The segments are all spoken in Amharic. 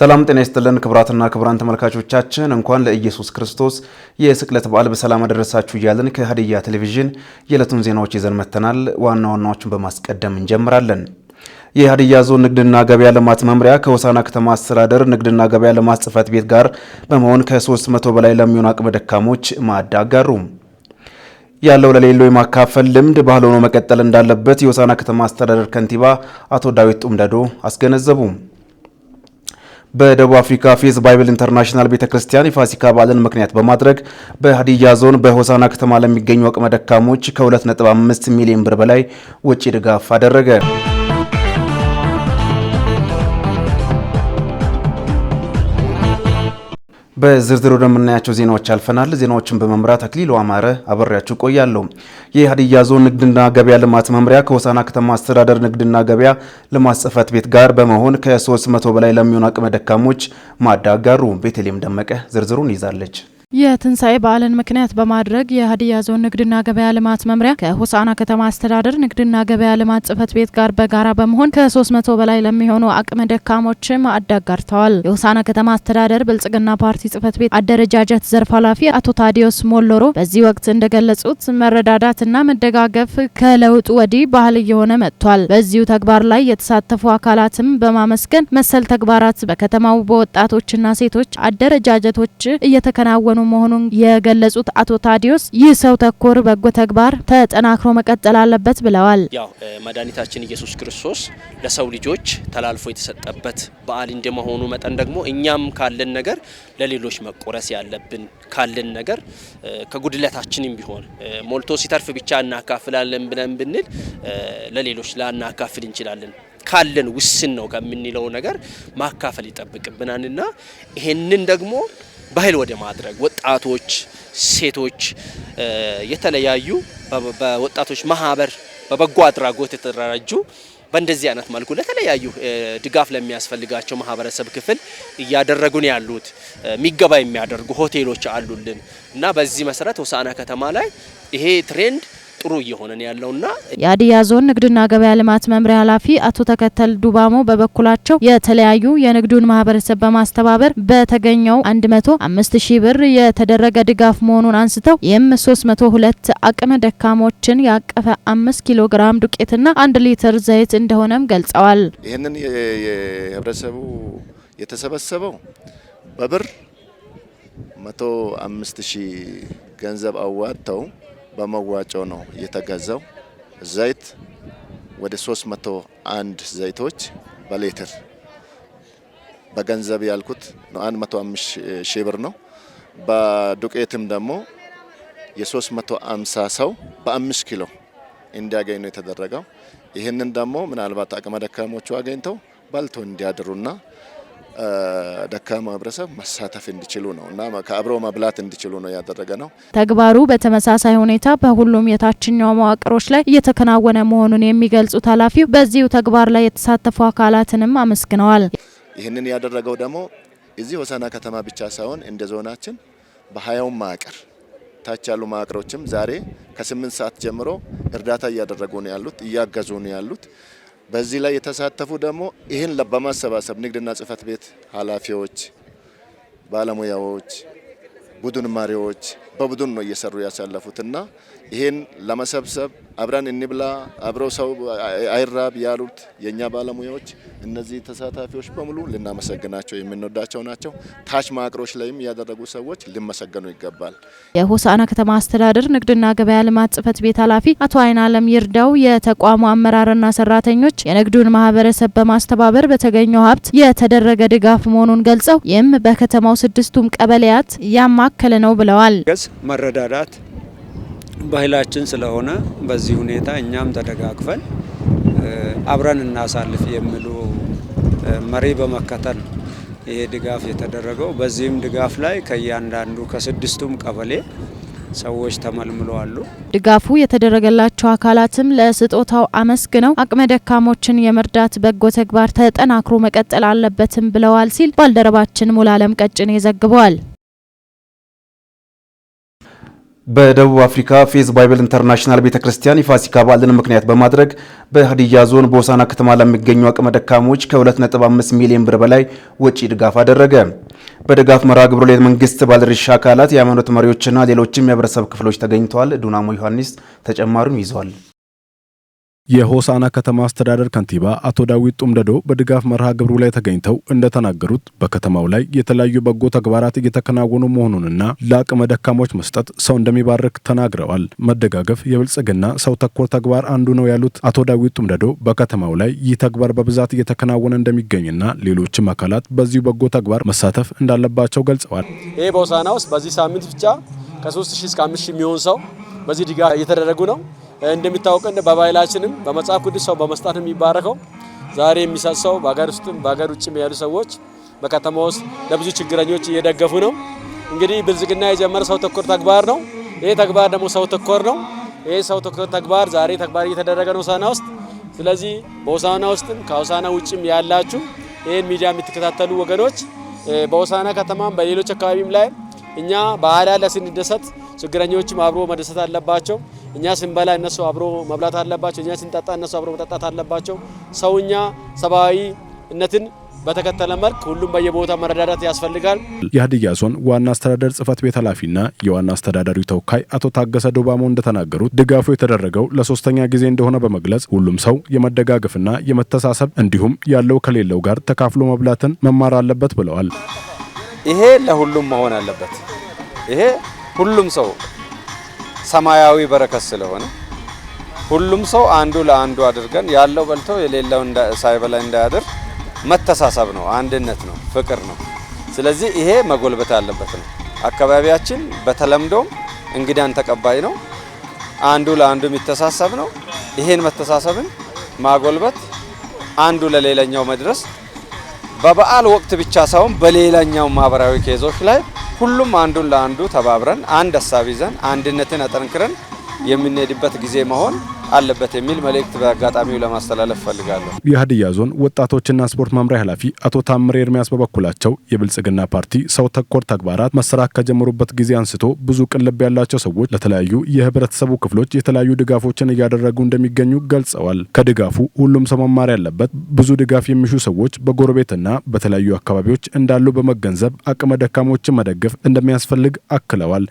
ሰላም ጤና ይስጥልን ክቡራትና ክቡራን ተመልካቾቻችን እንኳን ለኢየሱስ ክርስቶስ የስቅለት በዓል በሰላም አደረሳችሁ እያለን ከሀዲያ ቴሌቪዥን የዕለቱን ዜናዎች ይዘን መጥተናል። ዋና ዋናዎቹን በማስቀደም እንጀምራለን። የሀዲያ ዞን ንግድና ገበያ ልማት መምሪያ ከሆሳና ከተማ አስተዳደር ንግድና ገበያ ልማት ጽሕፈት ቤት ጋር በመሆን ከ300 በላይ ለሚሆኑ አቅመ ደካሞች ማዕድ አጋሩ። ያለው ለሌለው የማካፈል ልምድ ባህል ሆኖ መቀጠል እንዳለበት የሆሳና ከተማ አስተዳደር ከንቲባ አቶ ዳዊት ጡምደዶ አስገነዘቡ። በደቡብ አፍሪካ ፌዝ ባይብል ኢንተርናሽናል ቤተ ክርስቲያን የፋሲካ በዓልን ምክንያት በማድረግ በሀዲያ ዞን በሆሳና ከተማ ለሚገኙ አቅመ ደካሞች ከ2.5 ሚሊዮን ብር በላይ ወጪ ድጋፍ አደረገ። በዝርዝር ወደምናያቸው ዜናዎች አልፈናል። ዜናዎችን በመምራት አክሊሉ አማረ አበሬያችሁ ቆያለሁ። የሀዲያ ዞን ንግድና ገበያ ልማት መምሪያ ከሆሳና ከተማ አስተዳደር ንግድና ገበያ ልማት ጽሕፈት ቤት ጋር በመሆን ከ300 በላይ ለሚሆኑ አቅመ ደካሞች ማዳጋሩ ቤተልሔም ደመቀ ዝርዝሩን ይዛለች። የትንሣኤ በዓልን ምክንያት በማድረግ የሀዲያ ዞን ንግድና ገበያ ልማት መምሪያ ከሆሳና ከተማ አስተዳደር ንግድና ገበያ ልማት ጽፈት ቤት ጋር በጋራ በመሆን ከሶስት መቶ በላይ ለሚሆኑ አቅመ ደካሞችም ማዕድ አጋርተዋል። ከተማ አስተዳደር ብልጽግና ፓርቲ ጽህፈት ቤት አደረጃጀት ዘርፍ ኃላፊ አቶ ታዲዮስ ሞሎሮ በዚህ ወቅት እንደገለጹት መረዳዳትና መደጋገፍ ከለውጡ ወዲህ ባህል እየሆነ መጥቷል። በዚሁ ተግባር ላይ የተሳተፉ አካላትም በማመስገን መሰል ተግባራት በከተማው በወጣቶችና ሴቶች አደረጃጀቶች እየተከናወኑ እየተከናወኑ መሆኑን የገለጹት አቶ ታዲዮስ ይህ ሰው ተኮር በጎ ተግባር ተጠናክሮ መቀጠል አለበት ብለዋል። ያው መድኃኒታችን ኢየሱስ ክርስቶስ ለሰው ልጆች ተላልፎ የተሰጠበት በዓል እንደመሆኑ መጠን ደግሞ እኛም ካለን ነገር ለሌሎች መቆረስ ያለብን ካለን ነገር ከጉድለታችንም ቢሆን ሞልቶ ሲተርፍ ብቻ እናካፍላለን ብለን ብንል ለሌሎች ላናካፍል እንችላለን። ካለን ውስን ነው ከምንለው ነገር ማካፈል ይጠብቅብናልና ይሄንን ደግሞ ባህል ወደ ማድረግ ወጣቶች፣ ሴቶች የተለያዩ በወጣቶች ማህበር በበጎ አድራጎት የተደራጁ በእንደዚህ አይነት መልኩ ለተለያዩ ድጋፍ ለሚያስፈልጋቸው ማህበረሰብ ክፍል እያደረጉን ያሉት ሚገባ የሚያደርጉ ሆቴሎች አሉልን እና በዚህ መሰረት ሆሳዕና ከተማ ላይ ይሄ ትሬንድ ጥሩ እየሆነ ነው ያለውና የሀዲያ ዞን ንግድና ገበያ ልማት መምሪያ ኃላፊ አቶ ተከተል ዱባሞ በበኩላቸው የተለያዩ የንግዱን ማህበረሰብ በማስተባበር በተገኘው 105 ሺህ ብር የተደረገ ድጋፍ መሆኑን አንስተው ይህም 302 አቅመ ደካሞችን ያቀፈ 5 ኪሎ ግራም ዱቄትና አንድ ሊትር ዘይት እንደሆነም ገልጸዋል። ይህንን የህብረተሰቡ የተሰበሰበው በብር 105 ሺህ ገንዘብ አዋጥተው በመዋጮ ነው የተገዛው። ዘይት ወደ 301 ዘይቶች በሌትር በገንዘብ ያልኩት 105 ሺህ ብር ነው። በዱቄትም ደግሞ የ350 ሰው በ5 ኪሎ እንዲያገኝ ነው የተደረገው። ይህንን ደግሞ ምናልባት አቅመ ደካሞቹ አገኝተው በልቶ እንዲያድሩና ደካማ ህብረተሰብ መሳተፍ እንዲችሉ ነው እና ከአብሮ መብላት እንዲችሉ ነው ያደረገ ነው። ተግባሩ በተመሳሳይ ሁኔታ በሁሉም የታችኛው መዋቅሮች ላይ እየተከናወነ መሆኑን የሚገልጹት ኃላፊው በዚሁ ተግባር ላይ የተሳተፉ አካላትንም አመስግነዋል። ይህንን ያደረገው ደግሞ እዚህ ሆሳና ከተማ ብቻ ሳይሆን እንደ ዞናችን በሀያውም መዋቅር ታች ያሉ መዋቅሮችም ዛሬ ከስምንት ሰዓት ጀምሮ እርዳታ እያደረጉ ነው ያሉት እያገዙ ነው ያሉት በዚህ ላይ የተሳተፉ ደግሞ ይህን በማሰባሰብ ንግድና ጽህፈት ቤት ኃላፊዎች፣ ባለሙያዎች፣ ቡድን መሪዎች በቡድን ነው እየሰሩ ያሳለፉትና ይህን ለመሰብሰብ አብረን እንብላ አብሮ ሰው አይራብ ያሉት የእኛ ባለሙያዎች እነዚህ ተሳታፊዎች በሙሉ ልናመሰግናቸው የምንወዳቸው ናቸው። ታች ማቅሮች ላይም ያደረጉ ሰዎች ሊመሰገኑ ይገባል። የሆሳና ከተማ አስተዳደር ንግድና ገበያ ልማት ጽፈት ቤት ኃላፊ አቶ አይን አለም ይርዳው የተቋሙ አመራርና ሰራተኞች የንግዱን ማህበረሰብ በማስተባበር በተገኘው ሀብት የተደረገ ድጋፍ መሆኑን ገልጸው ይህም በከተማው ስድስቱም ቀበሌያት ያማከለ ነው ብለዋል። መረዳዳት ባህላችን ስለሆነ በዚህ ሁኔታ እኛም ተደጋግፈን አብረን እናሳልፍ የሚሉ መሪ በመከተል ይሄ ድጋፍ የተደረገው። በዚህም ድጋፍ ላይ ከእያንዳንዱ ከስድስቱም ቀበሌ ሰዎች ተመልምለዋሉ። ድጋፉ የተደረገላቸው አካላትም ለስጦታው አመስግነው አቅመ ደካሞችን የመርዳት በጎ ተግባር ተጠናክሮ መቀጠል አለበትም ብለዋል ሲል ባልደረባችን ሙላለም ቀጭኔ ዘግበዋል። በደቡብ አፍሪካ ፌዝ ባይብል ኢንተርናሽናል ቤተ ክርስቲያን የፋሲካ በዓልን ምክንያት በማድረግ በሀዲያ ዞን በሆሳና ከተማ ለሚገኙ አቅመ ደካሞች ከ2.5 ሚሊዮን ብር በላይ ወጪ ድጋፍ አደረገ። በድጋፍ መርሃ ግብሩ ላይ መንግስት ባለድርሻ አካላት፣ የሃይማኖት መሪዎችና ሌሎችም የህብረተሰብ ክፍሎች ተገኝተዋል። ዱናሞ ዮሐንስ ተጨማሪውን ይዟል። የሆሳና ከተማ አስተዳደር ከንቲባ አቶ ዳዊት ጡምደዶ በድጋፍ መርሃ ግብሩ ላይ ተገኝተው እንደተናገሩት በከተማው ላይ የተለያዩ በጎ ተግባራት እየተከናወኑ መሆኑንና ለአቅመ ደካሞች መስጠት ሰው እንደሚባርክ ተናግረዋል። መደጋገፍ የብልጽግና ሰው ተኮር ተግባር አንዱ ነው ያሉት አቶ ዳዊት ጡምደዶ በከተማው ላይ ይህ ተግባር በብዛት እየተከናወነ እንደሚገኝና ሌሎችም አካላት በዚሁ በጎ ተግባር መሳተፍ እንዳለባቸው ገልጸዋል። ይህ በሆሳና ውስጥ በዚህ ሳምንት ብቻ ከ 3 እስከ 5 የሚሆን ሰው በዚህ ድጋፍ እየተደረጉ ነው። እንደሚታወቀው በባህላችንም በመጽሐፍ ቅዱስ ሰው በመስጣት የሚባረከው ዛሬ የሚሰጥ ሰው በሀገር ውስጥም በሀገር ውጭም ያሉ ሰዎች በከተማ ውስጥ ለብዙ ችግረኞች እየደገፉ ነው። እንግዲህ ብልጽግና የጀመረ ሰው ተኮር ተግባር ነው። ይህ ተግባር ደግሞ ሰው ተኮር ነው። ይህ ሰው ተኮር ተግባር ዛሬ ተግባር እየተደረገ ነው ሆሳዕና ውስጥ። ስለዚህ በሆሳዕና ውስጥም ከሆሳዕና ውጭም ያላችሁ ይህን ሚዲያ የምትከታተሉ ወገኖች በሆሳዕና ከተማም በሌሎች አካባቢም ላይ እኛ በዓል ለስንደሰት ችግረኞችም አብሮ መደሰት አለባቸው። እኛ ስንበላ እነሱ አብሮ መብላት አለባቸው። እኛ ስንጠጣ እነሱ አብሮ መጠጣት አለባቸው። ሰውኛ እነትን በተከተለ መልክ ሁሉም በየቦታ መረዳዳት ያስፈልጋል። የሀዲያ ዞን ዋና አስተዳደር ጽህፈት ቤት ኃላፊና የዋና አስተዳዳሪው ተወካይ አቶ ታገሰ ዶባሞ እንደተናገሩት ድጋፉ የተደረገው ለሶስተኛ ጊዜ እንደሆነ በመግለጽ ሁሉም ሰው የመደጋገፍና የመተሳሰብ እንዲሁም ያለው ከሌለው ጋር ተካፍሎ መብላትን መማር አለበት ብለዋል። ይሄ ለሁሉም መሆን አለበት። ይሄ ሁሉም ሰው ሰማያዊ በረከት ስለሆነ ሁሉም ሰው አንዱ ለአንዱ አድርገን ያለው በልቶ የሌለው ሳይበላ እንዳያድር መተሳሰብ ነው፣ አንድነት ነው፣ ፍቅር ነው። ስለዚህ ይሄ መጎልበት ያለበት ነው። አካባቢያችን በተለምዶም እንግዳን ተቀባይ ነው፣ አንዱ ለአንዱ የሚተሳሰብ ነው። ይሄን መተሳሰብን ማጎልበት፣ አንዱ ለሌላኛው መድረስ በበዓል ወቅት ብቻ ሳይሆን በሌላኛው ማህበራዊ ኬዞች ላይ ሁሉም አንዱን ለአንዱ ተባብረን አንድ ሀሳብ ይዘን አንድነትን አጠንክረን የምንሄድበት ጊዜ መሆን አለበት የሚል መልእክት በአጋጣሚው ለማስተላለፍ ፈልጋለሁ። የሀዲያ ዞን ወጣቶችና ስፖርት መምሪያ ኃላፊ አቶ ታምሬ ኤርሚያስ በበኩላቸው የብልጽግና ፓርቲ ሰው ተኮር ተግባራት መሰራት ከጀመሩበት ጊዜ አንስቶ ብዙ ቅልብ ያላቸው ሰዎች ለተለያዩ የህብረተሰቡ ክፍሎች የተለያዩ ድጋፎችን እያደረጉ እንደሚገኙ ገልጸዋል። ከድጋፉ ሁሉም ሰው መማር ያለበት ብዙ ድጋፍ የሚሹ ሰዎች በጎረቤትና በተለያዩ አካባቢዎች እንዳሉ በመገንዘብ አቅመ ደካሞችን መደገፍ እንደሚያስፈልግ አክለዋል።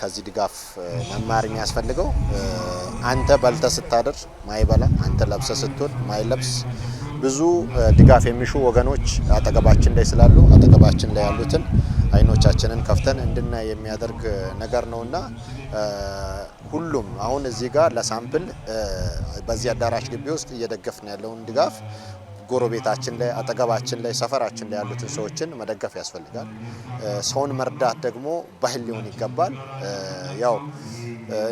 ከዚህ ድጋፍ መማር የሚያስፈልገው አንተ በልተ አንተ ስታደር ማይበላ፣ አንተ ለብሰ ስትሆን ማይለብስ ብዙ ድጋፍ የሚሹ ወገኖች አጠገባችን ላይ ስላሉ አጠገባችን ላይ ያሉትን አይኖቻችንን ከፍተን እንድናይ የሚያደርግ ነገር ነውና ሁሉም አሁን እዚህ ጋር ለሳምፕል በዚህ አዳራሽ ግቢ ውስጥ እየደገፍን ያለውን ድጋፍ ጎረቤታችን ላይ አጠገባችን ላይ ሰፈራችን ላይ ያሉትን ሰዎችን መደገፍ ያስፈልጋል። ሰውን መርዳት ደግሞ ባህል ሊሆን ይገባል። ያው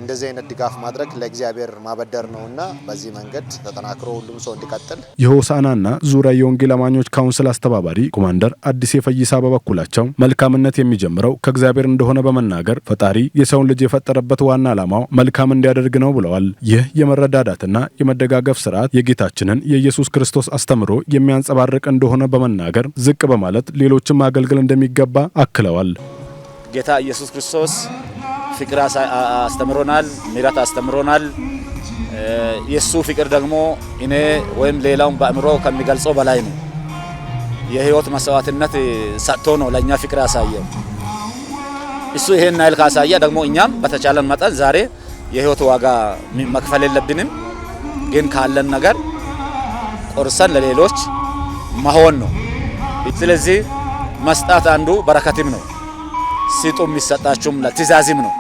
እንደዚህ አይነት ድጋፍ ማድረግ ለእግዚአብሔር ማበደር እና በዚህ መንገድ ተጠናክሮ ሁሉም ሰው እንዲቀጥል የሆሳዕናና ዙሪያ የወንጌል አማኞች ካውንስል አስተባባሪ ኮማንደር አዲስ የፈይሳ በበኩላቸው መልካምነት የሚጀምረው ከእግዚአብሔር እንደሆነ በመናገር ፈጣሪ የሰውን ልጅ የፈጠረበት ዋና ዓላማው መልካም እንዲያደርግ ነው ብለዋል። ይህ የመረዳዳትና የመደጋገፍ ስርዓት የጌታችንን የኢየሱስ ክርስቶስ አስተማ አእምሮ የሚያንጸባርቅ እንደሆነ በመናገር ዝቅ በማለት ሌሎችን ማገልገል እንደሚገባ አክለዋል። ጌታ ኢየሱስ ክርስቶስ ፍቅር አስተምሮናል፣ ምሕረት አስተምሮናል። የእሱ ፍቅር ደግሞ እኔ ወይም ሌላውን በአእምሮ ከሚገልጸው በላይ ነው። የህይወት መስዋዕትነት ሰጥቶ ነው ለእኛ ፍቅር ያሳየው። እሱ ይሄን ናይል ካሳየ ደግሞ እኛም በተቻለን መጠን ዛሬ የህይወት ዋጋ መክፈል የለብንም፣ ግን ካለን ነገር ቆርሰን ለሌሎች መሆን ነው። ስለዚህ መስጣት አንዱ በረከትም ነው፣ ሲጡ የሚሰጣችሁም ለትእዛዝም ነው።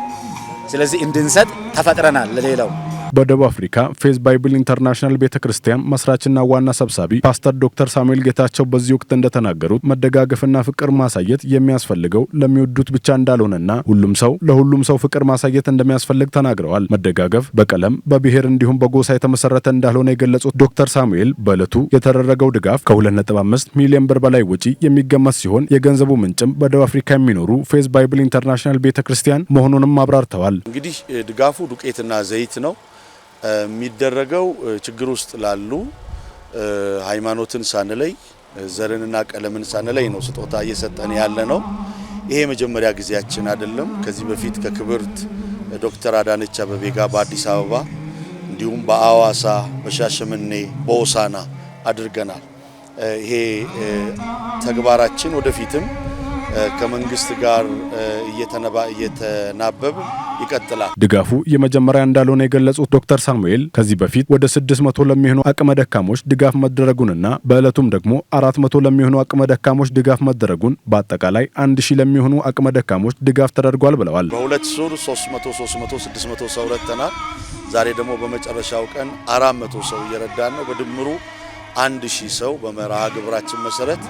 ስለዚህ እንድንሰጥ ተፈጥረናል ለሌላው በደቡብ አፍሪካ ፌዝ ባይብል ኢንተርናሽናል ቤተ ክርስቲያን መስራችና ዋና ሰብሳቢ ፓስተር ዶክተር ሳሙኤል ጌታቸው በዚህ ወቅት እንደተናገሩት መደጋገፍና ፍቅር ማሳየት የሚያስፈልገው ለሚወዱት ብቻ እንዳልሆነና ሁሉም ሰው ለሁሉም ሰው ፍቅር ማሳየት እንደሚያስፈልግ ተናግረዋል። መደጋገፍ በቀለም በብሔር እንዲሁም በጎሳ የተመሰረተ እንዳልሆነ የገለጹት ዶክተር ሳሙኤል በዕለቱ የተደረገው ድጋፍ ከ2.5 ሚሊዮን ብር በላይ ወጪ የሚገመት ሲሆን የገንዘቡ ምንጭም በደቡብ አፍሪካ የሚኖሩ ፌዝ ባይብል ኢንተርናሽናል ቤተ ክርስቲያን መሆኑንም አብራርተዋል። እንግዲህ ድጋፉ ዱቄትና ዘይት ነው። የሚደረገው ችግር ውስጥ ላሉ ሃይማኖትን ሳንለይ ዘርንና ቀለምን ሳንለይ ነው ስጦታ እየሰጠን ያለ ነው። ይሄ የመጀመሪያ ጊዜያችን አይደለም። ከዚህ በፊት ከክብርት ዶክተር አዳነች አቤቤ ጋር በአዲስ አበባ እንዲሁም በአዋሳ፣ በሻሸመኔ፣ በሆሳዕና አድርገናል። ይሄ ተግባራችን ወደፊትም ከመንግስት ጋር እየተነባ እየተናበብ ይቀጥላል። ድጋፉ የመጀመሪያ እንዳልሆነ የገለጹት ዶክተር ሳሙኤል ከዚህ በፊት ወደ 600 ለሚሆኑ አቅመ ደካሞች ድጋፍ መደረጉንና በእለቱም ደግሞ 400 ለሚሆኑ አቅመ ደካሞች ድጋፍ መደረጉን በአጠቃላይ 1000 ለሚሆኑ አቅመ ደካሞች ድጋፍ ተደርጓል ብለዋል። በሁለት ሱር 300 300 600 ሰው ረድተናል። ዛሬ ደግሞ በመጨረሻው ቀን 400 ሰው እየረዳን ነው። በድምሩ 1000 ሰው በመርሃ ግብራችን መሰረት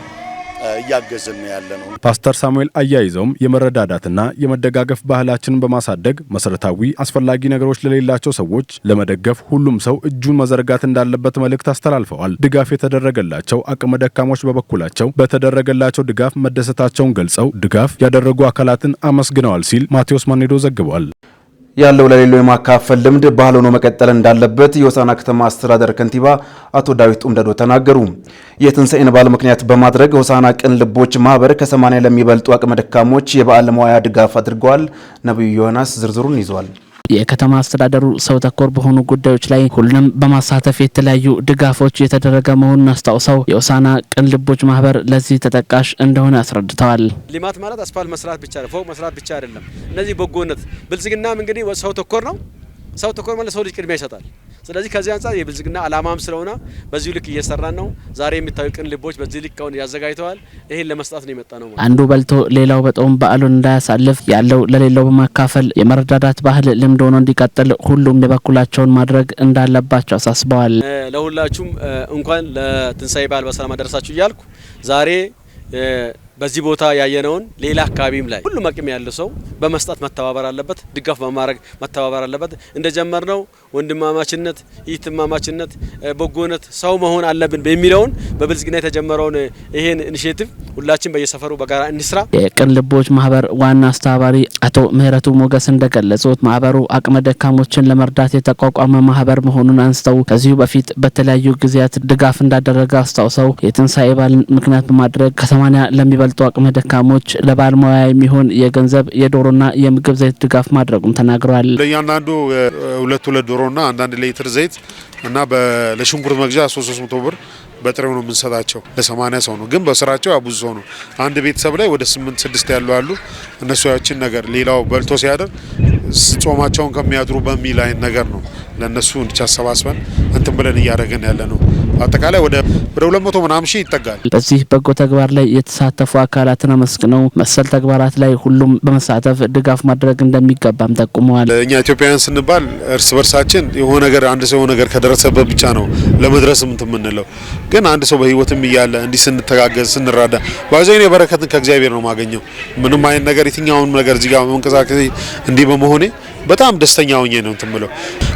እያገዝን ያለ ነው። ፓስተር ሳሙኤል አያይዘውም የመረዳዳትና የመደጋገፍ ባህላችንን በማሳደግ መሰረታዊ አስፈላጊ ነገሮች ለሌላቸው ሰዎች ለመደገፍ ሁሉም ሰው እጁን መዘርጋት እንዳለበት መልእክት አስተላልፈዋል። ድጋፍ የተደረገላቸው አቅመ ደካሞች በበኩላቸው በተደረገላቸው ድጋፍ መደሰታቸውን ገልጸው ድጋፍ ያደረጉ አካላትን አመስግነዋል ሲል ማቴዎስ ማኔዶ ዘግቧል። ያለው ለሌለው የማካፈል ልምድ ባህል ሆኖ መቀጠል እንዳለበት የሆሳና ከተማ አስተዳደር ከንቲባ አቶ ዳዊት ኡምደዶ ተናገሩ። የትንሣኤን በዓል ምክንያት በማድረግ ሆሳና ቅን ልቦች ማህበር ከ80 ለሚበልጡ አቅመ ደካሞች የበዓል መዋያ ድጋፍ አድርገዋል። ነቢዩ ዮናስ ዝርዝሩን ይዟል። የከተማ አስተዳደሩ ሰው ተኮር በሆኑ ጉዳዮች ላይ ሁሉንም በማሳተፍ የተለያዩ ድጋፎች የተደረገ መሆኑን አስታውሰው የሆሳዕና ቅን ልቦች ማህበር ለዚህ ተጠቃሽ እንደሆነ አስረድተዋል። ልማት ማለት አስፋልት መስራት ብቻ ፎቅ መስራት ብቻ አይደለም። እነዚህ በጎነት ብልጽግናም እንግዲህ ሰው ተኮር ነው ሰው ትኩረት ማለት ሰው ልጅ ቅድሚያ ይሰጣል። ስለዚህ ከዚህ አንጻር የብልጽግና አላማም ስለሆነ በዚሁ ልክ እየሰራን ነው። ዛሬ የሚታዩ ቅን ልቦች በዚህ ልክ አሁን ያዘጋጅተዋል። ይህን ለመስጣት ነው የመጣ ነው። አንዱ በልቶ ሌላው በጦም በዓሉን እንዳያሳልፍ ያለው ለሌላው በማካፈል የመረዳዳት ባህል ልምድ ሆኖ እንዲቀጥል ሁሉም የበኩላቸውን ማድረግ እንዳለባቸው አሳስበዋል። ለሁላችሁም እንኳን ለትንሳኤ በዓል በሰላም አደረሳችሁ እያልኩ ዛሬ በዚህ ቦታ ያየነውን ሌላ አካባቢም ላይ ሁሉም አቅም ያለው ሰው በመስጠት መተባበር አለበት፣ ድጋፍ በማድረግ መተባበር አለበት። እንደጀመርነው ወንድማማችነት፣ እህትማማችነት፣ በጎነት ሰው መሆን አለብን በሚለውን በብልጽግና የተጀመረውን ይሄን ኢኒሽቲቭ ሁላችን በየሰፈሩ በጋራ እንስራ። የቅን ልቦች ማህበር ዋና አስተባባሪ አቶ ምህረቱ ሞገስ እንደገለጹት ማህበሩ አቅመ ደካሞችን ለመርዳት የተቋቋመ ማህበር መሆኑን አንስተው ከዚሁ በፊት በተለያዩ ጊዜያት ድጋፍ እንዳደረገ አስታውሰው የትንሳኤ በዓልን ምክንያት በማድረግ ከሰማኒያ ለሚበል ላልቶ አቅመ ደካሞች ለባለሙያ የሚሆን የገንዘብ የዶሮና የምግብ ዘይት ድጋፍ ማድረጉም ተናግረዋል። ለእያንዳንዱ ሁለት ሁለት ዶሮና አንዳንድ ሌትር ዘይት እና ለሽንኩርት መግዣ ሶስት ሶስት መቶ ብር በጥሬው ነው የምንሰጣቸው። ለሰማንያ ሰው ነው ግን በስራቸው አብዙ ሰው ነው። አንድ ቤተሰብ ላይ ወደ ስምንት ስድስት ያሉ አሉ። እነሱ ያችን ነገር ሌላው በልቶ ሲያደር ጾማቸውን ከሚያድሩ በሚል አይነት ነገር ነው ለእነሱ እንዲቻ አሰባስበን እንትን ብለን እያደረግን ያለ ነው። አጠቃላይ ወደ ሁለት መቶ ምናምን ሺህ ይጠጋል። በዚህ በጎ ተግባር ላይ የተሳተፉ አካላትን አመስግነው መሰል ተግባራት ላይ ሁሉም በመሳተፍ ድጋፍ ማድረግ እንደሚገባም ጠቁመዋል። እኛ ኢትዮጵያውያን ስንባል እርስ በርሳችን የሆነ ነገር አንድ ሰው ነገር ከደረሰበት ብቻ ነው ለመድረስ ምት የምንለው ግን አንድ ሰው በህይወትም እያለ እንዲህ ስንተጋገዝ ስንራዳ ባይዘኔ በረከትን ከእግዚአብሔር ነው ማገኘው ምንም አይነት ነገር የትኛውንም ነገር እዚጋ በመንቀሳቀስ እንዲህ በመሆኔ በጣም ደስተኛ ሆኜ ነው እንትምለው።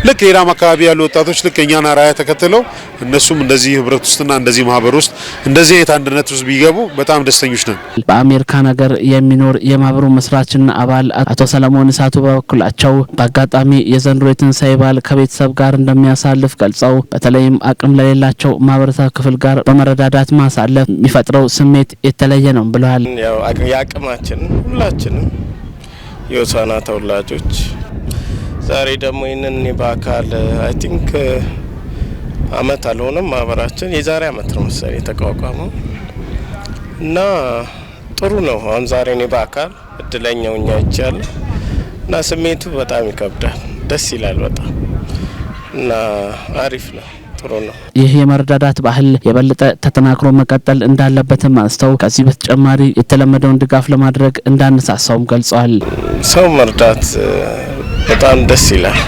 ልክ ሌላም አካባቢ ያሉ ወጣቶች ልክ እኛን አራያ ተከትለው እነሱም እንደዚህ ህብረት ውስጥና እንደዚህ ማህበር ውስጥ እንደዚህ አይነት አንድነት ውስጥ ቢገቡ በጣም ደስተኞች ነን። በአሜሪካ ነገር የሚኖር የማህበሩ መስራችና አባል አቶ ሰለሞን እሳቱ በበኩላቸው በአጋጣሚ የዘንድሮ የትንሳኤ በዓል ከቤተሰብ ጋር እንደሚያሳልፍ ገልጸው በተለይም አቅም ለሌላቸው ማህበረሰብ ክፍል ጋር በመረዳዳት ማሳለፍ የሚፈጥረው ስሜት የተለየ ነው ብለዋል። ያው የአቅማችን ሁላችንም የሆሳና ተወላጆች ዛሬ ደግሞ ይህንን በአካል አይ ቲንክ አመት አልሆነም ማህበራችን የዛሬ አመት ነው መሰለኝ የተቋቋመው እና ጥሩ ነው። አሁን ዛሬ እኔ በአካል እድለኛው እኛ ይቻል እና ስሜቱ በጣም ይከብዳል። ደስ ይላል በጣም እና አሪፍ ነው። ጥሩ ነው። ይህ የመረዳዳት ባህል የበለጠ ተጠናክሮ መቀጠል እንዳለበትም አንስተው ከዚህ በተጨማሪ የተለመደውን ድጋፍ ለማድረግ እንዳነሳሳውም ገልጸዋል። ሰው መርዳት በጣም ደስ ይላል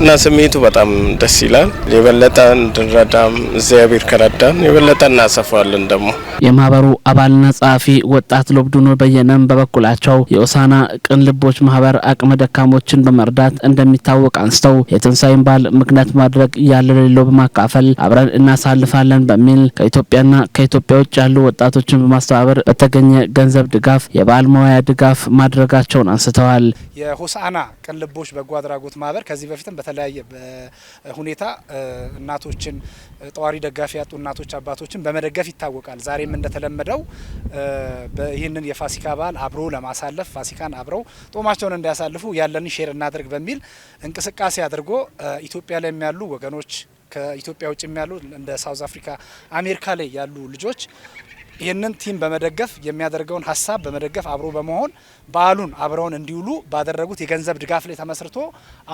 እና ስሜቱ በጣም ደስ ይላል። የበለጠ እንድንረዳም እግዚአብሔር ከረዳን የበለጠ እናሰፋለን ደግሞ የማህበሩ አባልና ጸሐፊ ወጣት ሎብዱኖ በየነም በበኩላቸው የኦሳና ቅን ልቦች ማህበር አቅመ ደካሞችን በመርዳት እንደሚታወቅ አንስተው የትንሳኤን በዓል ምክንያት ማድረግ ያለ ለሌለው በማካፈል አብረን እናሳልፋለን በሚል ከኢትዮጵያና ከኢትዮጵያ ውጭ ያሉ ወጣቶችን በማስተባበር በተገኘ ገንዘብ ድጋፍ የበዓል መዋያ ድጋፍ ማድረጋቸውን አንስተዋል። የሆሳና ቅን ልቦች በጎ አድራጎት ማህበር ከዚህ በፊትም በተለያየ ሁኔታ እናቶችን ጠዋሪ ደጋፊ ያጡ እናቶች አባቶችን በመደገፍ ይታወቃል። ዛሬ ሁሌም እንደተለመደው ይህንን የፋሲካ በዓል አብሮ ለማሳለፍ ፋሲካን አብረው ጦማቸውን እንዲያሳልፉ ያለንን ሼር እናድርግ በሚል እንቅስቃሴ አድርጎ ኢትዮጵያ ላይ ያሉ ወገኖች ከኢትዮጵያ ውጭ የሚያሉ እንደ ሳውዝ አፍሪካ፣ አሜሪካ ላይ ያሉ ልጆች ይህንን ቲም በመደገፍ የሚያደርገውን ሀሳብ በመደገፍ አብሮ በመሆን በዓሉን አብረውን እንዲውሉ ባደረጉት የገንዘብ ድጋፍ ላይ ተመስርቶ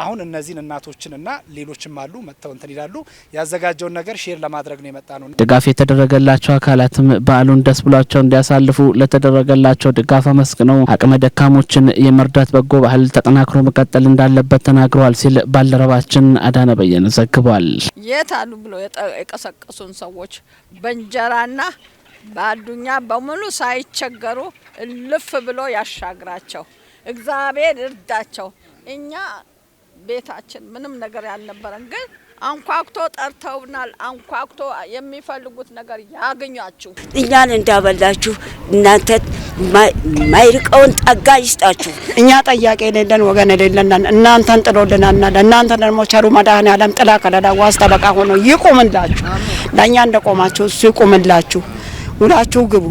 አሁን እነዚህን እናቶችን እና ሌሎችም አሉ መጥተው እንትን ይላሉ ያዘጋጀውን ነገር ሼር ለማድረግ ነው የመጣ ነው። ድጋፍ የተደረገላቸው አካላትም በዓሉን ደስ ብሏቸው እንዲያሳልፉ ለተደረገላቸው ድጋፍ አመስግነው አቅመ ደካሞችን የመርዳት በጎ ባህል ተጠናክሮ መቀጠል እንዳለበት ተናግረዋል ሲል ባልደረባችን አዳነ በየነ ዘግቧል። የት አሉ ብለው የቀሰቀሱን ሰዎች በእንጀራና በአዱኛ በሙሉ ሳይቸገሩ እልፍ ብሎ ያሻግራቸው። እግዚአብሔር እርዳቸው። እኛ ቤታችን ምንም ነገር ያልነበረን ግን አንኳኩቶ ጠርተውናል። አንኳኩቶ የሚፈልጉት ነገር ያገኛችሁ እኛን እንዳበላችሁ እናንተ ማይርቀውን ጠጋ ይስጣችሁ። እኛ ጠያቂ የሌለን ወገን የሌለን እናንተን ጥሎልናልና እናንተ ደግሞ ቸሩ መድኃኔዓለም ጥላ ከለላ ዋስ ጠበቃ ሆኖ ይቁምላችሁ። ለእኛ እንደቆማችሁ እሱ ይቁምላችሁ። ውላችሁ ግቡ።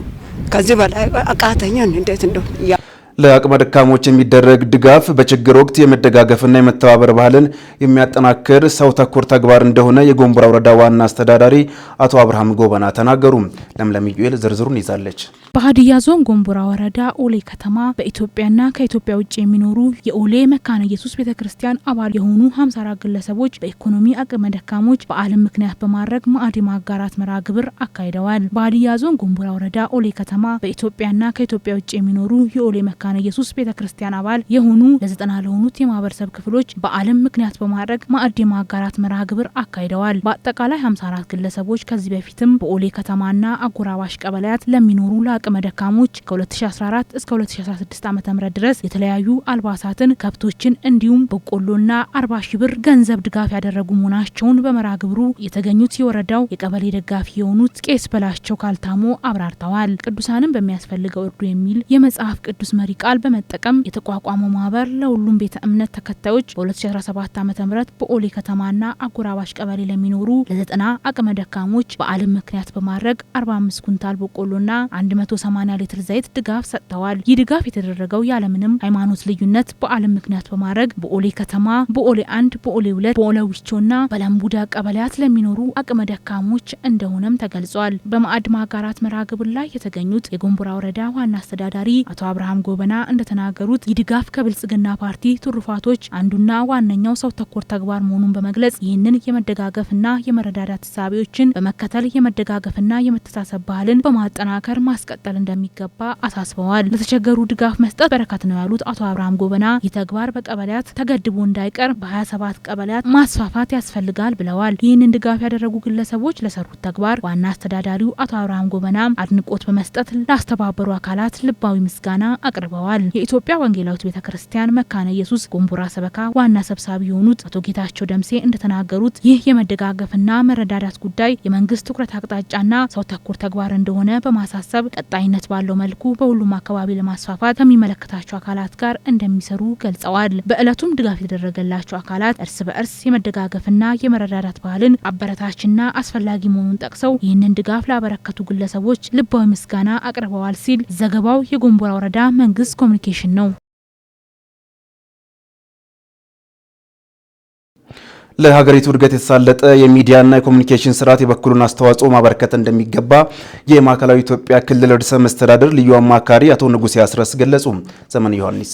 ከዚህ በላይ አቃተኛን እንዴት እንደሆነ እያ ለአቅመ ደካሞች የሚደረግ ድጋፍ በችግር ወቅት የመደጋገፍና የመተባበር ባህልን የሚያጠናክር ሰው ተኮር ተግባር እንደሆነ የጎንቦራ ወረዳ ዋና አስተዳዳሪ አቶ አብርሃም ጎበና ተናገሩ። ለምለም ዩኤል ዝርዝሩን ይዛለች። በሀዲያ ዞን ጎንቦራ ወረዳ ኦሌ ከተማ በኢትዮጵያና ከኢትዮጵያ ውጭ የሚኖሩ የኦሌ መካነ ኢየሱስ ቤተ ክርስቲያን አባል የሆኑ 54 ግለሰቦች በኢኮኖሚ አቅመ ደካሞች በዓለም ምክንያት በማድረግ ማዕድ ማጋራት መርሃ ግብር አካሂደዋል። በሀዲያ ዞን ጎንቦራ ወረዳ ኦሌ ከተማ በኢትዮጵያና ከኢትዮጵያ ውጭ የሚኖሩ የኦሌ መካነ ኢየሱስ ቤተ ክርስቲያን አባል የሆኑ ለዘጠና ለሆኑት የማህበረሰብ ክፍሎች በዓለም ምክንያት በማድረግ ማዕድ ማጋራት መርሃ ግብር አካሂደዋል። በአጠቃላይ 54 ግለሰቦች ከዚህ በፊትም በኦሌ ከተማና አጎራባሽ ቀበሌያት ለሚኖሩ ላቀ አቅመ ደካሞች ከ2014 እስከ 2016 ዓ ም ድረስ የተለያዩ አልባሳትን፣ ከብቶችን እንዲሁም በቆሎና 40 ሺ ብር ገንዘብ ድጋፍ ያደረጉ መሆናቸውን በመርሃ ግብሩ የተገኙት የወረዳው የቀበሌ ደጋፊ የሆኑት ቄስ በላቸው ካልታሞ አብራርተዋል። ቅዱሳንም በሚያስፈልገው እርዱ የሚል የመጽሐፍ ቅዱስ መሪ ቃል በመጠቀም የተቋቋመው ማህበር ለሁሉም ቤተ እምነት ተከታዮች በ2017 ዓ ም በኦሌ ከተማና አጎራባሽ ቀበሌ ለሚኖሩ ለዘጠና አቅመ ደካሞች በዓልን ምክንያት በማድረግ 45 ኩንታል በቆሎና 180 ሊትር ዘይት ድጋፍ ሰጥተዋል። ይህ ድጋፍ የተደረገው ያለምንም ሃይማኖት ልዩነት በዓለም ምክንያት በማድረግ በኦሌ ከተማ በኦሌ አንድ፣ በኦሌ ሁለት፣ በኦሌ ዊቾ ና በላምቡዳ ቀበሌያት ለሚኖሩ አቅመ ደካሞች እንደሆነም ተገልጿል። በማዕድ ማጋራት መርሃ ግብር ላይ የተገኙት የጎንቦራ ወረዳ ዋና አስተዳዳሪ አቶ አብርሃም ጎበና እንደተናገሩት ይህ ድጋፍ ከብልጽግና ፓርቲ ትሩፋቶች አንዱና ዋነኛው ሰው ተኮር ተግባር መሆኑን በመግለጽ ይህንን የመደጋገፍና የመረዳዳት ሳቢዎችን በመከተል የመደጋገፍና የመተሳሰብ ባህልን በማጠናከር ማስቀ መቀጠል እንደሚገባ አሳስበዋል። ለተቸገሩ ድጋፍ መስጠት በረከት ነው ያሉት አቶ አብርሃም ጎበና ይህ ተግባር በቀበሌያት ተገድቦ እንዳይቀር በ27 ቀበሌያት ማስፋፋት ያስፈልጋል ብለዋል። ይህንን ድጋፍ ያደረጉ ግለሰቦች ለሰሩት ተግባር ዋና አስተዳዳሪው አቶ አብርሃም ጎበና አድንቆት በመስጠት ላስተባበሩ አካላት ልባዊ ምስጋና አቅርበዋል። የኢትዮጵያ ወንጌላዊት ቤተ ክርስቲያን መካነ ኢየሱስ ጎንቦራ ሰበካ ዋና ሰብሳቢ የሆኑት አቶ ጌታቸው ደምሴ እንደተናገሩት ይህ የመደጋገፍና መረዳዳት ጉዳይ የመንግስት ትኩረት አቅጣጫና ሰው ተኩር ተግባር እንደሆነ በማሳሰብ ቀጣይነት ባለው መልኩ በሁሉም አካባቢ ለማስፋፋት ከሚመለከታቸው አካላት ጋር እንደሚሰሩ ገልጸዋል። በእለቱም ድጋፍ የተደረገላቸው አካላት እርስ በእርስ የመደጋገፍና የመረዳዳት ባህልን አበረታችና አስፈላጊ መሆኑን ጠቅሰው ይህንን ድጋፍ ላበረከቱ ግለሰቦች ልባዊ ምስጋና አቅርበዋል ሲል ዘገባው የጎንቦራ ወረዳ መንግስት ኮሚኒኬሽን ነው። ለሀገሪቱ እድገት የተሳለጠ የሚዲያና የኮሚኒኬሽን ስርዓት የበኩሉን አስተዋጽኦ ማበረከት እንደሚገባ የማዕከላዊ ኢትዮጵያ ክልል ርዕሰ መስተዳድር ልዩ አማካሪ አቶ ንጉሴ አስረስ ገለጹ። ዘመን ዮሐንስ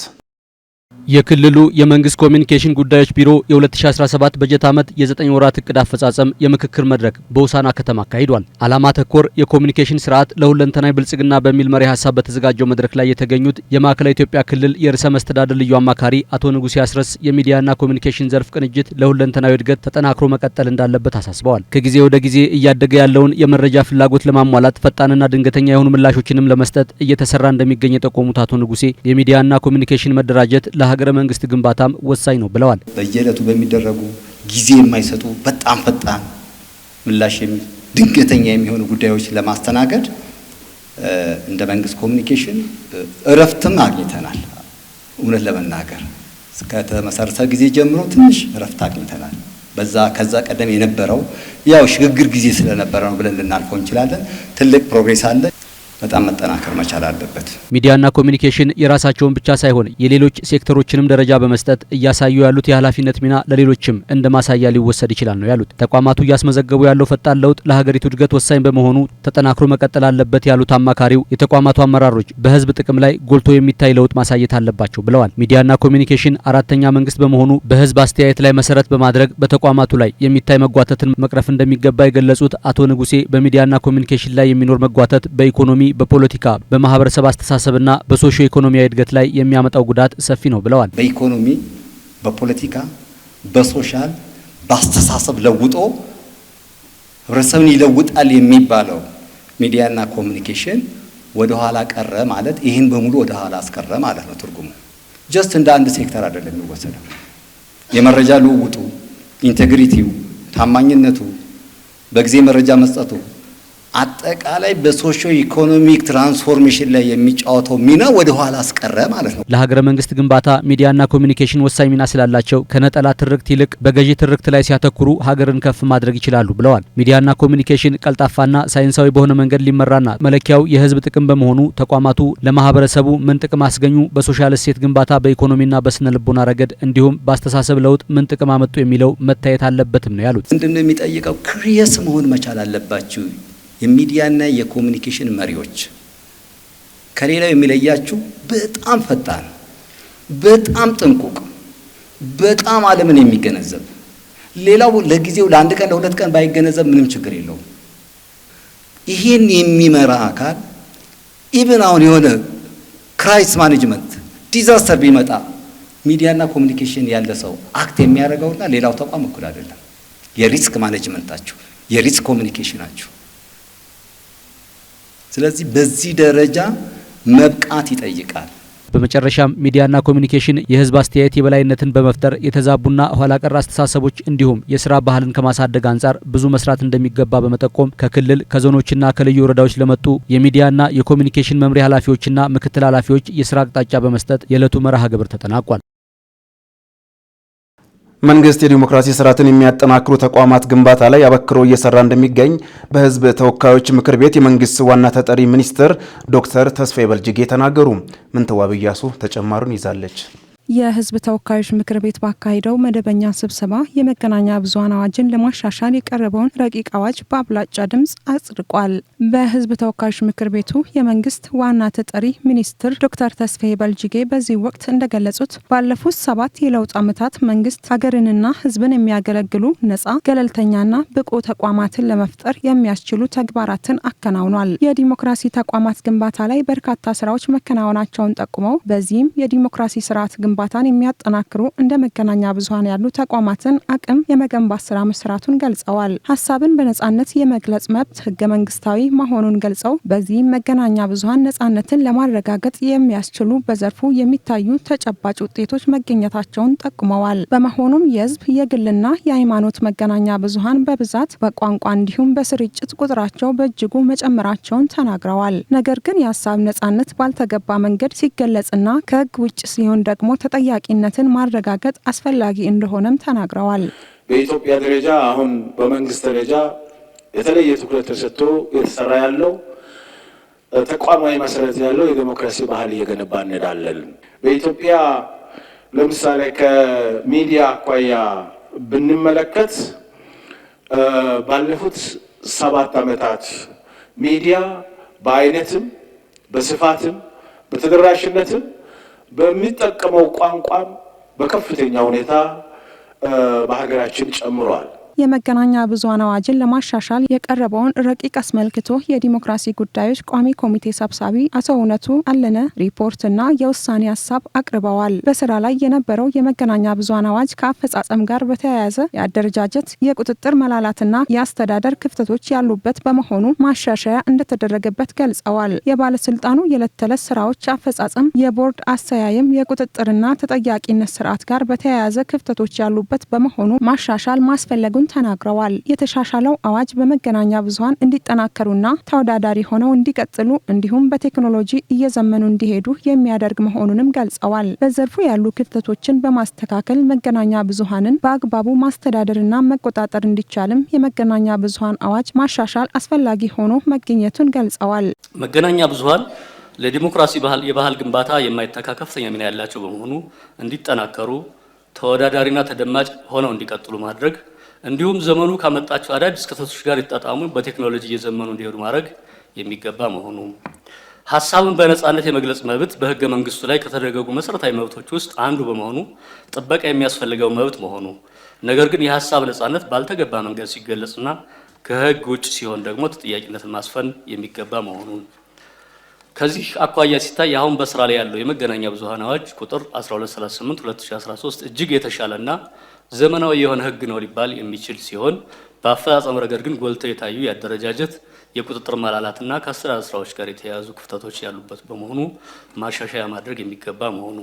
የክልሉ የመንግስት ኮሚኒኬሽን ጉዳዮች ቢሮ የ2017 በጀት ዓመት የ9 ወራት እቅድ አፈጻጸም የምክክር መድረክ በውሳና ከተማ አካሂዷል። ዓላማ ተኮር የኮሚኒኬሽን ስርዓት ለሁለንተናዊ ብልጽግና በሚል መሪ ሀሳብ በተዘጋጀው መድረክ ላይ የተገኙት የማዕከላዊ ኢትዮጵያ ክልል የርዕሰ መስተዳደር ልዩ አማካሪ አቶ ንጉሴ አስረስ የሚዲያና ኮሚኒኬሽን ዘርፍ ቅንጅት ለሁለንተናዊ እድገት ተጠናክሮ መቀጠል እንዳለበት አሳስበዋል። ከጊዜ ወደ ጊዜ እያደገ ያለውን የመረጃ ፍላጎት ለማሟላት ፈጣንና ድንገተኛ የሆኑ ምላሾችንም ለመስጠት እየተሰራ እንደሚገኝ የጠቆሙት አቶ ንጉሴ የሚዲያና ኮሚኒኬሽን መደራጀት ለሀገረ መንግስት ግንባታም ወሳኝ ነው ብለዋል። በየዕለቱ በሚደረጉ ጊዜ የማይሰጡ በጣም ፈጣን ምላሽ ድንገተኛ የሚሆኑ ጉዳዮች ለማስተናገድ እንደ መንግስት ኮሚኒኬሽን እረፍትም አግኝተናል። እውነት ለመናገር ከተመሰረተ ጊዜ ጀምሮ ትንሽ እረፍት አግኝተናል። በዛ ከዛ ቀደም የነበረው ያው ሽግግር ጊዜ ስለነበረ ነው ብለን ልናልፈው እንችላለን። ትልቅ ፕሮግሬስ አለ። በጣም መጠናከር መቻል አለበት። ሚዲያና ኮሚኒኬሽን የራሳቸውን ብቻ ሳይሆን የሌሎች ሴክተሮችንም ደረጃ በመስጠት እያሳዩ ያሉት የኃላፊነት ሚና ለሌሎችም እንደ ማሳያ ሊወሰድ ይችላል ነው ያሉት። ተቋማቱ እያስመዘገቡ ያለው ፈጣን ለውጥ ለሀገሪቱ እድገት ወሳኝ በመሆኑ ተጠናክሮ መቀጠል አለበት ያሉት አማካሪው የተቋማቱ አመራሮች በህዝብ ጥቅም ላይ ጎልቶ የሚታይ ለውጥ ማሳየት አለባቸው ብለዋል። ሚዲያና ኮሚኒኬሽን አራተኛ መንግስት በመሆኑ በህዝብ አስተያየት ላይ መሰረት በማድረግ በተቋማቱ ላይ የሚታይ መጓተትን መቅረፍ እንደሚገባ የገለጹት አቶ ንጉሴ በሚዲያና ኮሚኒኬሽን ላይ የሚኖር መጓተት በኢኮኖሚ በፖለቲካ በማህበረሰብ አስተሳሰብና በሶሺዮ ኢኮኖሚያዊ እድገት ላይ የሚያመጣው ጉዳት ሰፊ ነው ብለዋል። በኢኮኖሚ በፖለቲካ በሶሻል በአስተሳሰብ ለውጦ ህብረተሰብን ይለውጣል የሚባለው ሚዲያና ኮሚኒኬሽን ወደ ኋላ ቀረ ማለት ይህን በሙሉ ወደ ኋላ አስቀረ ማለት ነው። ትርጉሙ ጀስት እንደ አንድ ሴክተር አይደለም የሚወሰደው። የመረጃ ልውውጡ፣ ኢንቴግሪቲው፣ ታማኝነቱ፣ በጊዜ መረጃ መስጠቱ አጠቃላይ በሶሾ ኢኮኖሚክ ትራንስፎርሜሽን ላይ የሚጫወተው ሚና ወደ ኋላ አስቀረ ማለት ነው። ለሀገረ መንግስት ግንባታ ሚዲያና ኮሚኒኬሽን ወሳኝ ሚና ስላላቸው ከነጠላ ትርክት ይልቅ በገዢ ትርክት ላይ ሲያተኩሩ ሀገርን ከፍ ማድረግ ይችላሉ ብለዋል። ሚዲያና ኮሚኒኬሽን ቀልጣፋና ሳይንሳዊ በሆነ መንገድ ሊመራና መለኪያው የህዝብ ጥቅም በመሆኑ ተቋማቱ ለማህበረሰቡ ምን ጥቅም አስገኙ፣ በሶሻል እሴት ግንባታ፣ በኢኮኖሚና በስነ ልቦና ረገድ እንዲሁም በአስተሳሰብ ለውጥ ምን ጥቅም አመጡ የሚለው መታየት አለበትም ነው ያሉት። ምንድነው የሚጠይቀው? ክሪየስ መሆን መቻል አለባችሁ የሚዲያና የኮሚኒኬሽን መሪዎች ከሌላው የሚለያችሁ በጣም ፈጣን፣ በጣም ጥንቁቅ፣ በጣም ዓለምን የሚገነዘብ ሌላው ለጊዜው ለአንድ ቀን ለሁለት ቀን ባይገነዘብ ምንም ችግር የለውም። ይህን የሚመራ አካል ኢብን አሁን የሆነ ክራይስ ማኔጅመንት ዲዛስተር ቢመጣ ሚዲያና ኮሚኒኬሽን ያለ ሰው አክት የሚያደርገውና ሌላው ተቋም እኩል አይደለም። የሪስክ ማኔጅመንታችሁ፣ የሪስክ ኮሚኒኬሽናችሁ ስለዚህ በዚህ ደረጃ መብቃት ይጠይቃል። በመጨረሻም ሚዲያና ኮሚኒኬሽን የህዝብ አስተያየት የበላይነትን በመፍጠር የተዛቡና ኋላ ቀር አስተሳሰቦች እንዲሁም የስራ ባህልን ከማሳደግ አንጻር ብዙ መስራት እንደሚገባ በመጠቆም ከክልል ከዞኖችና ከልዩ ወረዳዎች ለመጡ የሚዲያና የኮሚኒኬሽን መምሪያ ኃላፊዎችና ምክትል ኃላፊዎች የስራ አቅጣጫ በመስጠት የዕለቱ መርሃ ግብር ተጠናቋል። መንግስት የዲሞክራሲ ስርዓትን የሚያጠናክሩ ተቋማት ግንባታ ላይ አበክሮ እየሰራ እንደሚገኝ በህዝብ ተወካዮች ምክር ቤት የመንግስት ዋና ተጠሪ ሚኒስትር ዶክተር ተስፋዬ በልጅጌ ተናገሩ። ምንትዋብ እያሱ ይዛለች። የሕዝብ ተወካዮች ምክር ቤት ባካሄደው መደበኛ ስብሰባ የመገናኛ ብዙሀን አዋጅን ለማሻሻል የቀረበውን ረቂቅ አዋጅ በአብላጫ ድምፅ አጽድቋል። በህዝብ ተወካዮች ምክር ቤቱ የመንግስት ዋና ተጠሪ ሚኒስትር ዶክተር ተስፋዬ በልጅጌ በዚህ ወቅት እንደገለጹት ባለፉት ሰባት የለውጥ ዓመታት መንግስት ሀገርንና ሕዝብን የሚያገለግሉ ነፃ፣ ገለልተኛና ብቁ ተቋማትን ለመፍጠር የሚያስችሉ ተግባራትን አከናውኗል። የዲሞክራሲ ተቋማት ግንባታ ላይ በርካታ ስራዎች መከናወናቸውን ጠቁመው በዚህም የዲሞክራሲ ስርዓት ግንባታን የሚያጠናክሩ እንደ መገናኛ ብዙሀን ያሉ ተቋማትን አቅም የመገንባት ስራ መስራቱን ገልጸዋል። ሀሳብን በነጻነት የመግለጽ መብት ህገ መንግስታዊ መሆኑን ገልጸው በዚህም መገናኛ ብዙሀን ነጻነትን ለማረጋገጥ የሚያስችሉ በዘርፉ የሚታዩ ተጨባጭ ውጤቶች መገኘታቸውን ጠቁመዋል። በመሆኑም የህዝብ የግልና የሃይማኖት መገናኛ ብዙሀን በብዛት በቋንቋ እንዲሁም በስርጭት ቁጥራቸው በእጅጉ መጨመራቸውን ተናግረዋል። ነገር ግን የሀሳብ ነጻነት ባልተገባ መንገድ ሲገለጽና ከህግ ውጭ ሲሆን ደግሞ ተጠያቂነትን ማረጋገጥ አስፈላጊ እንደሆነም ተናግረዋል። በኢትዮጵያ ደረጃ አሁን በመንግስት ደረጃ የተለየ ትኩረት ተሰጥቶ የተሰራ ያለው ተቋማዊ መሰረት ያለው የዴሞክራሲ ባህል እየገነባ እንሄዳለን። በኢትዮጵያ ለምሳሌ ከሚዲያ አኳያ ብንመለከት ባለፉት ሰባት ዓመታት ሚዲያ በአይነትም በስፋትም በተደራሽነትም በሚጠቀመው ቋንቋም በከፍተኛ ሁኔታ በሀገራችን ጨምሯል። የመገናኛ ብዙሃን አዋጅን ለማሻሻል የቀረበውን ረቂቅ አስመልክቶ የዲሞክራሲ ጉዳዮች ቋሚ ኮሚቴ ሰብሳቢ አቶ እውነቱ አለነ ሪፖርትና የውሳኔ ሀሳብ አቅርበዋል። በስራ ላይ የነበረው የመገናኛ ብዙሃን አዋጅ ከአፈጻጸም ጋር በተያያዘ የአደረጃጀት የቁጥጥር መላላትና የአስተዳደር ክፍተቶች ያሉበት በመሆኑ ማሻሻያ እንደተደረገበት ገልጸዋል። የባለስልጣኑ የዕለት ተዕለት ስራዎች አፈጻጸም፣ የቦርድ አሰያየም፣ የቁጥጥርና ተጠያቂነት ስርዓት ጋር በተያያዘ ክፍተቶች ያሉበት በመሆኑ ማሻሻል ማስፈለጉን መሆኑን ተናግረዋል። የተሻሻለው አዋጅ በመገናኛ ብዙሀን እንዲጠናከሩና ተወዳዳሪ ሆነው እንዲቀጥሉ እንዲሁም በቴክኖሎጂ እየዘመኑ እንዲሄዱ የሚያደርግ መሆኑንም ገልጸዋል። በዘርፉ ያሉ ክፍተቶችን በማስተካከል መገናኛ ብዙሀንን በአግባቡ ማስተዳደርና መቆጣጠር እንዲቻልም የመገናኛ ብዙሀን አዋጅ ማሻሻል አስፈላጊ ሆኖ መገኘቱን ገልጸዋል። መገናኛ ብዙሀን ለዲሞክራሲ የባህል ግንባታ የማይተካ ከፍተኛ ሚና ያላቸው በመሆኑ እንዲጠናከሩ ተወዳዳሪና ተደማጭ ሆነው እንዲቀጥሉ ማድረግ እንዲሁም ዘመኑ ካመጣቸው አዳዲስ ክስተቶች ጋር ይጣጣሙ በቴክኖሎጂ እየዘመኑ እንዲሄዱ ማድረግ የሚገባ መሆኑ፣ ሀሳብን በነፃነት የመግለጽ መብት በህገ መንግስቱ ላይ ከተደነገጉ መሰረታዊ መብቶች ውስጥ አንዱ በመሆኑ ጥበቃ የሚያስፈልገው መብት መሆኑ፣ ነገር ግን የሀሳብ ነፃነት ባልተገባ መንገድ ሲገለጽና ከህግ ውጭ ሲሆን ደግሞ ተጠያቂነትን ማስፈን የሚገባ መሆኑን ከዚህ አኳያ ሲታይ አሁን በስራ ላይ ያለው የመገናኛ ብዙሃን አዋጅ ቁጥር 1238 2013 እጅግ የተሻለና ዘመናዊ የሆነ ህግ ነው ሊባል የሚችል ሲሆን በአፈጻጸም ረገድ ግን ጎልተው የታዩ የአደረጃጀት የቁጥጥር መላላትና ከአሰራር ስራዎች ጋር የተያያዙ ክፍተቶች ያሉበት በመሆኑ ማሻሻያ ማድረግ የሚገባ መሆኑ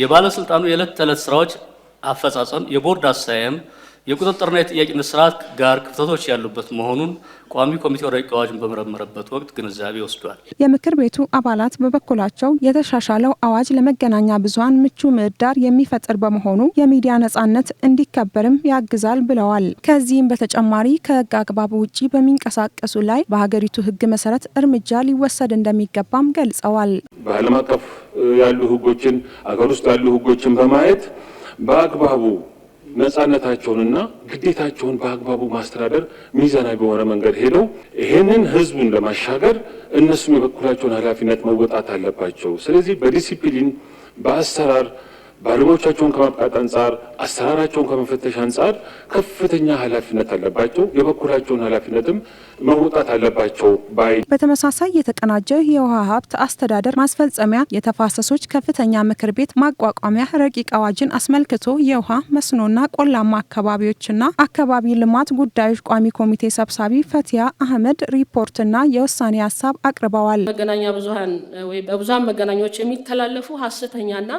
የባለስልጣኑ የዕለት ተዕለት ስራዎች አፈጻጸም የቦርድ አሰያየም የቁጥጥርና የጥያቄነት ስርዓት ጋር ክፍተቶች ያሉበት መሆኑን ቋሚ ኮሚቴው ረቂቅ አዋጁን በመረመረበት ወቅት ግንዛቤ ወስዷል። የምክር ቤቱ አባላት በበኩላቸው የተሻሻለው አዋጅ ለመገናኛ ብዙሃን ምቹ ምህዳር የሚፈጥር በመሆኑ የሚዲያ ነጻነት እንዲከበርም ያግዛል ብለዋል። ከዚህም በተጨማሪ ከህግ አግባብ ውጪ በሚንቀሳቀሱ ላይ በሀገሪቱ ህግ መሰረት እርምጃ ሊወሰድ እንደሚገባም ገልጸዋል። በዓለም አቀፍ ያሉ ህጎችን አገር ውስጥ ያሉ ህጎችን በማየት በአግባቡ ነጻነታቸውንና ግዴታቸውን በአግባቡ ማስተዳደር ሚዛናዊ በሆነ መንገድ ሄደው ይህንን ህዝቡን ለማሻገር እነሱም የበኩላቸውን ኃላፊነት መወጣት አለባቸው። ስለዚህ በዲሲፕሊን በአሰራር ባለሙያዎቻቸውን ከማብቃት አንጻር አሰራራቸውን ከመፈተሽ አንጻር ከፍተኛ ኃላፊነት አለባቸው። የበኩላቸውን ኃላፊነትም መውጣት አለባቸው ባይ በተመሳሳይ የተቀናጀ የውሃ ሀብት አስተዳደር ማስፈጸሚያ የተፋሰሶች ከፍተኛ ምክር ቤት ማቋቋሚያ ረቂቅ አዋጅን አስመልክቶ የውሃ መስኖና ቆላማ አካባቢዎችና አካባቢ ልማት ጉዳዮች ቋሚ ኮሚቴ ሰብሳቢ ፈቲያ አህመድ ሪፖርትና የውሳኔ ሀሳብ አቅርበዋል። መገናኛ ብዙሀን ወይ በብዙሀን መገናኛዎች የሚተላለፉ ሀሰተኛና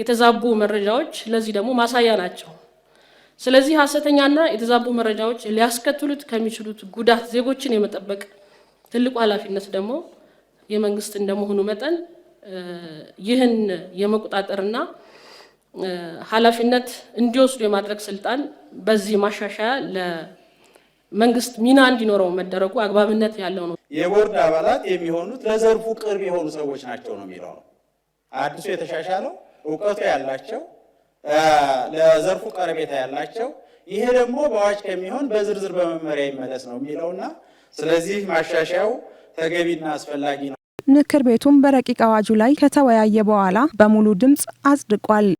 የተዛቡ መረጃዎች ለዚህ ደግሞ ማሳያ ናቸው። ስለዚህ ሀሰተኛና የተዛቡ መረጃዎች ሊያስከትሉት ከሚችሉት ጉዳት ዜጎችን የመጠበቅ ትልቁ ኃላፊነት ደግሞ የመንግስት እንደመሆኑ መጠን ይህን የመቆጣጠርና ኃላፊነት እንዲወስዱ የማድረግ ስልጣን በዚህ ማሻሻያ ለመንግስት ሚና እንዲኖረው መደረጉ አግባብነት ያለው ነው። የቦርድ አባላት የሚሆኑት ለዘርፉ ቅርብ የሆኑ ሰዎች ናቸው ነው የሚለው ነው አዲሱ የተሻሻለው እውቀቱ ያላቸው ለዘርፉ ቀረቤታ ያላቸው ይሄ ደግሞ በአዋጅ ከሚሆን በዝርዝር በመመሪያ ይመለስ ነው የሚለውና ስለዚህ ማሻሻያው ተገቢና አስፈላጊ ነው። ምክር ቤቱም በረቂቅ አዋጁ ላይ ከተወያየ በኋላ በሙሉ ድምፅ አጽድቋል።